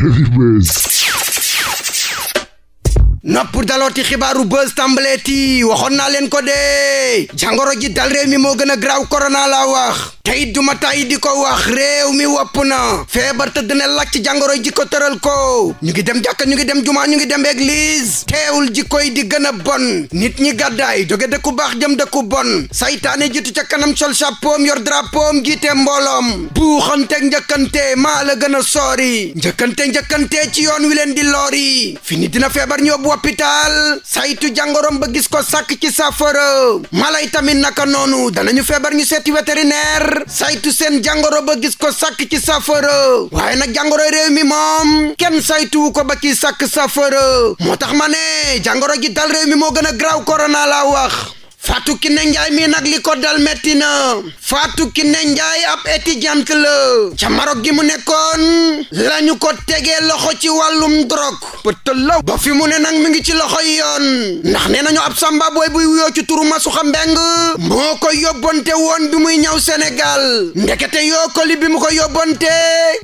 Heavyweight. nopp dalooti xibaaru buzz tàmbaleeti waxoon naa leen ko dee jàngoro ji dal réew mi moo gën a graaw korona laa wax tey duma tay di ko wax réew mi wopp na feebar te dina laaj ci jàngoro ji ko tëral ko ñu ngi dem jàkka ñu ngi dem jumaa ñu ngi dem église teewul ji koy di gën a bon nit ñi gàddaay jóge dëkku baax jëm dëkku bon saytaane jiitu ca kanam sol chapeau yor drapeau jiite mbooloom buuxanteeg njëkkante maa la gën a soori njëkkante njëkkante ci yoon wi leen di loori dina feebar ñu hôpital saytu jàngoroom ba gis ko sàkk ci saafara mala yi tamit naka noonu danañu feebar ñu seeti weteriner saytu seen jàngoro ba gis ko sàkk ci saafara waaye nag jàngoro réew mi moom kenn saytuwu ko ba ci sàkk saafara moo tax ma ne jàngoro ji dal réew mi moo gën a graw korona laa wax Fatou Kiné Njaay mii nag li ko dal metti na Fatou Kiné Njaay ab étudiante la ca Maroc gi mu nekkoon lañu ko tegee loxo ci wàllum drogue pëtëlaw ba fi mu ne nag mi ngi ci loxo yoon ndax nee nañu ab samba booy buy wuyoo ci turu Masuxa Mbeng moo ko yóbbante woon bi muy ñaw Sénégal ndekete yoo ko bi mu ko yóbbante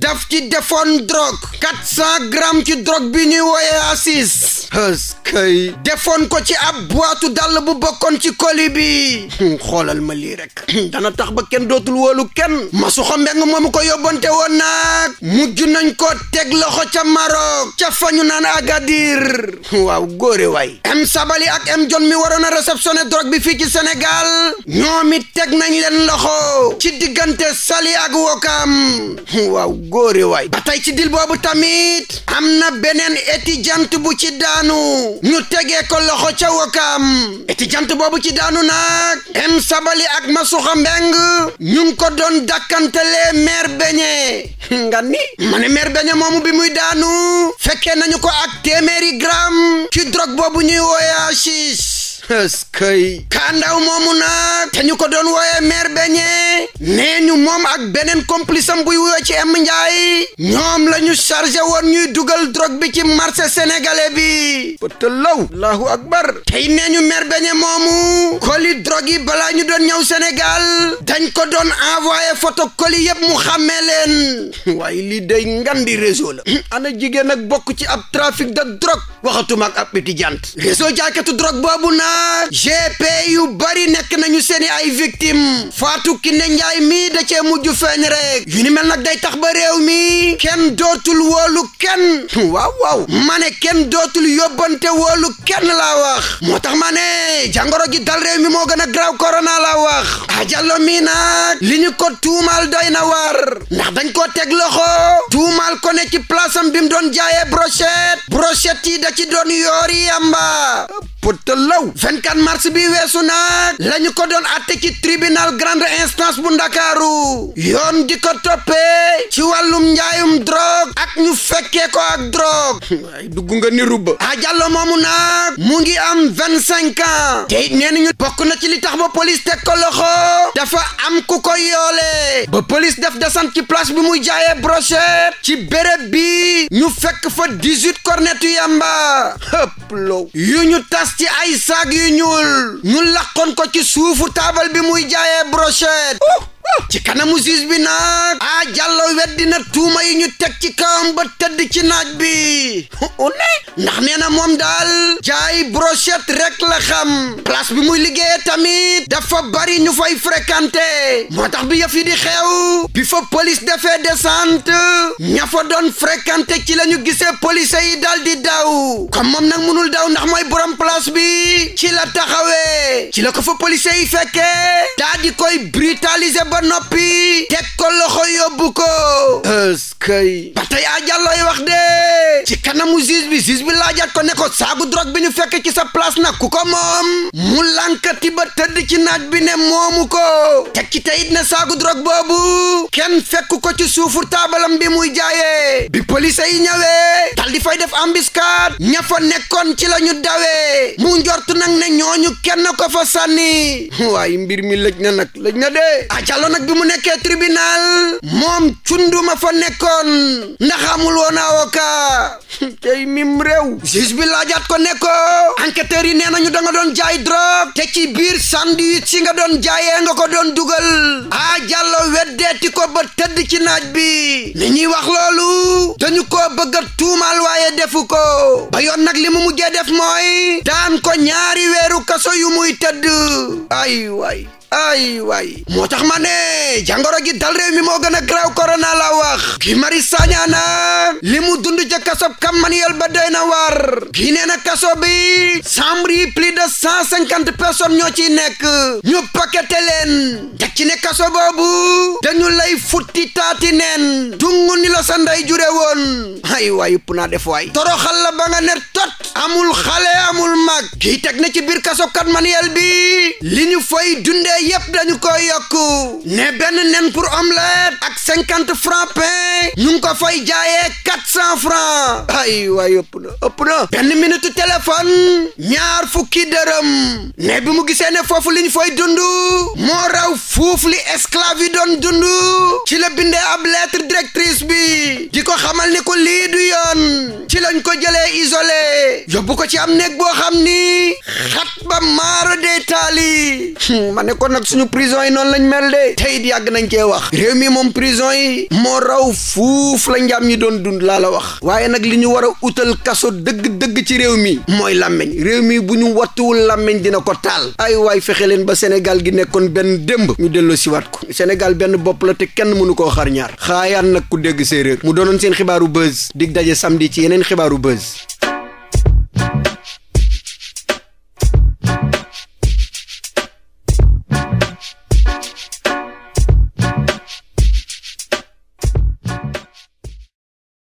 daf ci defoon drogue 400 gram ci drogue bi ñuy wooyee assis askay defoon ko ci ab waatu dàll bu bokkoon ci koli bi hmm, xoolal ma lii rek hmm, dana tax ba kenn dootul woolu kenn masu xombe nga moom ko yóbbante woon naa mujj nañ ko teg loxo ca Maroc ca fa ñu naan Agadir waaw góore waay M Sabali ak M John mi waroon a réceptionné drogue bi fii ci Sénégal ñoom it teg nañ leen loxo ci diggante sali ak Wokam waaw góore waay ba tey ci dil boobu tamit am na beneen étudiant bu ci daanu ñu tegee ko loxo ca Wokam étudiant boobu ci daanu nag M Sabali ak Masuxa Mbeng ñu ngi ko doon dakkantele maire beñe nga ni ma ne mer beñe moomu bi muy daanu fekkee nañu ko ak téeméeri gram ci drogue boobu ñuy wooye hashish eskay kaandaw moomu nag te ñu ko doon wooyee maire beñe nee ñu moom ak beneen complice am buy wuyoo ci em njaay ñoom la ñu chargé woon ñuy dugal drogue bi ci marché sénégalais bi pëtë law allahu akbar tey nee ñu maire beñe moomu colis drogue yi balaa ñu doon ñëw sénégal dañ ko doon envoyé photo colis yëpp mu xàmmee leen waaye lii day ngandi réseau la hmm, ana jigéen ak bokk ci ab trafic de drogue waxatuma ak ab étudiante réseau jaaykatu drogue boobu na gp yu bari nekk nañu seeni ay victime Fatou Kiné Njaay mii da cee mujj feeñ rek yu ni mel nag day tax ba réew mi kenn dootul wóolu kenn waaw waaw ne kenn dootul yóbbante wóolu kenn la wax moo tax ma ne jàngoro ji dal réew mi moo gën a graw korona laa wax a jàllo mii nag li ñu ko tuumal doy na war ndax dañ koo teg loxo tuumaal ko ne ci palaasam bi mu doon jaayee brochette brochette yi da ci doon yoori yamba potalaw 24 mars bi weesu nag lañu ko doon atte ci tribunal grande instance bu ndakaaru yoon di ko toppee ci wàllum njaayum drogue ak ñu fekkee ko ak drogue ay dugg nga ni ruba a jàllo nag mu ngi am 25 ans te nee nañu bokk na ci li tax ba police teg ko loxo dafa am ku ko yoole ba police def descente ci place bi muy jaayee brochette ci béréb bi ñu fekk fa 18 kornetu yamba hëpp low yu ñu tas ci ay saag yu ñuul ñu laqoon ko ci suufu taabal bi muy jaayee brochette ci kanamu siis bi nag ah jàllo weddina tuuma yi ñu teg ci kawam ba tëdd ci naaj bi une ndax nee na moom daal jaay brochette rek la xam place bi muy liggéeyee tamit dafa bari ñu fay fréquenté moo tax bi yëf yi di xew bi fa police defee descente ña doon fréquenté ci lañu ñu gisee police yi dal daw comme moom nag mënul daw ndax mooy borom place bi ci la taxawee ci la ko fa police yi fekkee daa koy brutaliser ba noppi teg ko loxo yóbbu ko ëskay ba tey ajàllooy wax de ci kanamu juge bi juge bi laajaat ko ne ko saagu drogue bi ñu fekk ci sa place na ku ko moom mu lànkati ba tëdd ci naaj bi ne moomu ko teg ci teyit ne saagu drogue boobu kenn fekk ko ci suufu taabalam bi muy jaayee bi police yi ñëwee dal di fay def embuscade ña fa nekkoon ci la ñu dawee mu njort nag ne ñooñu kenn ko fa sànni waaye mbir mi lëj na nag lëj na de a jàllo nag bi mu nekkee tribunal moom cunduma fa nekkoon ndax amul woon avocat tey mim réew juge bi laajaat ko ne ko enquêteurs yi nee nañu da nga doon jaay drogue te ci biir sandwich si nga doon jaay nga ko doon dugal ah jàllo weddeeti ko ba tëdd ci naaj bi li ñuy wax loolu dañu ko bëgg a tuumaal waaye defu ko ba nag li mu mujjee def mooy daan ko ñaari weeru kaso yu muy tëdd ay waay ay waay moo tax ma ne jàngoro gi dal réew mi moo gën a graw korona la wax gi mari saña na li mu dund ca kaso kam manuel ba doy na war gi nee na kaso bi chambre yi plus de cent cinquante personnes ñoo ci nekk ñu paqueté leen teg ci ne kaso boobu dañu lay futti taati neen dungu ni la sa ay waay upp naa def waay toroxal la ba nga ner tot amul xale amul mak kii teg na ci biir kaso kat bi li ñu fay dundee yépp dañu ko yokk ne benn nen pour omelette ak cinquante franc pain ñu ko fay jaayee quatre cent franc ay waay ëpp na ëpp na benn minute téléphone ñaar fukki dërëm ne bi mu gisee ne foofu li ñu fay moo raw puuf li esclave yi doon dund ci la bindee ab lettre directrice bi di ko xamal ni ko lii du yoon ci lañ ko jëlee isole yóbbu ko ci am néeg boo xam ni xat ba maaro day taal Hmm, ma ne kon nag suñu prison yi noonu lañ mel de te it yàgg nañ cee wax réew mi moom prison yi moo raw fuuf la njaam ñi doon dund laa la wax waaye nag li ñu war a utal kaso dëgg-dëgg ci réew mi mooy làmmiñ réew mi bu ñu wattuwul làmmeñ dina ko taal ay waay fexe leen ba Sénégal gi nekkoon benn démb ñu delloo siwaat ko Sénégal benn bopp la te kenn mënu koo xar ñaar xaayaan nag ku dégg séeréer mu doonoon seen xibaaru buzz dig daje samedi ci yeneen xibaaru buzz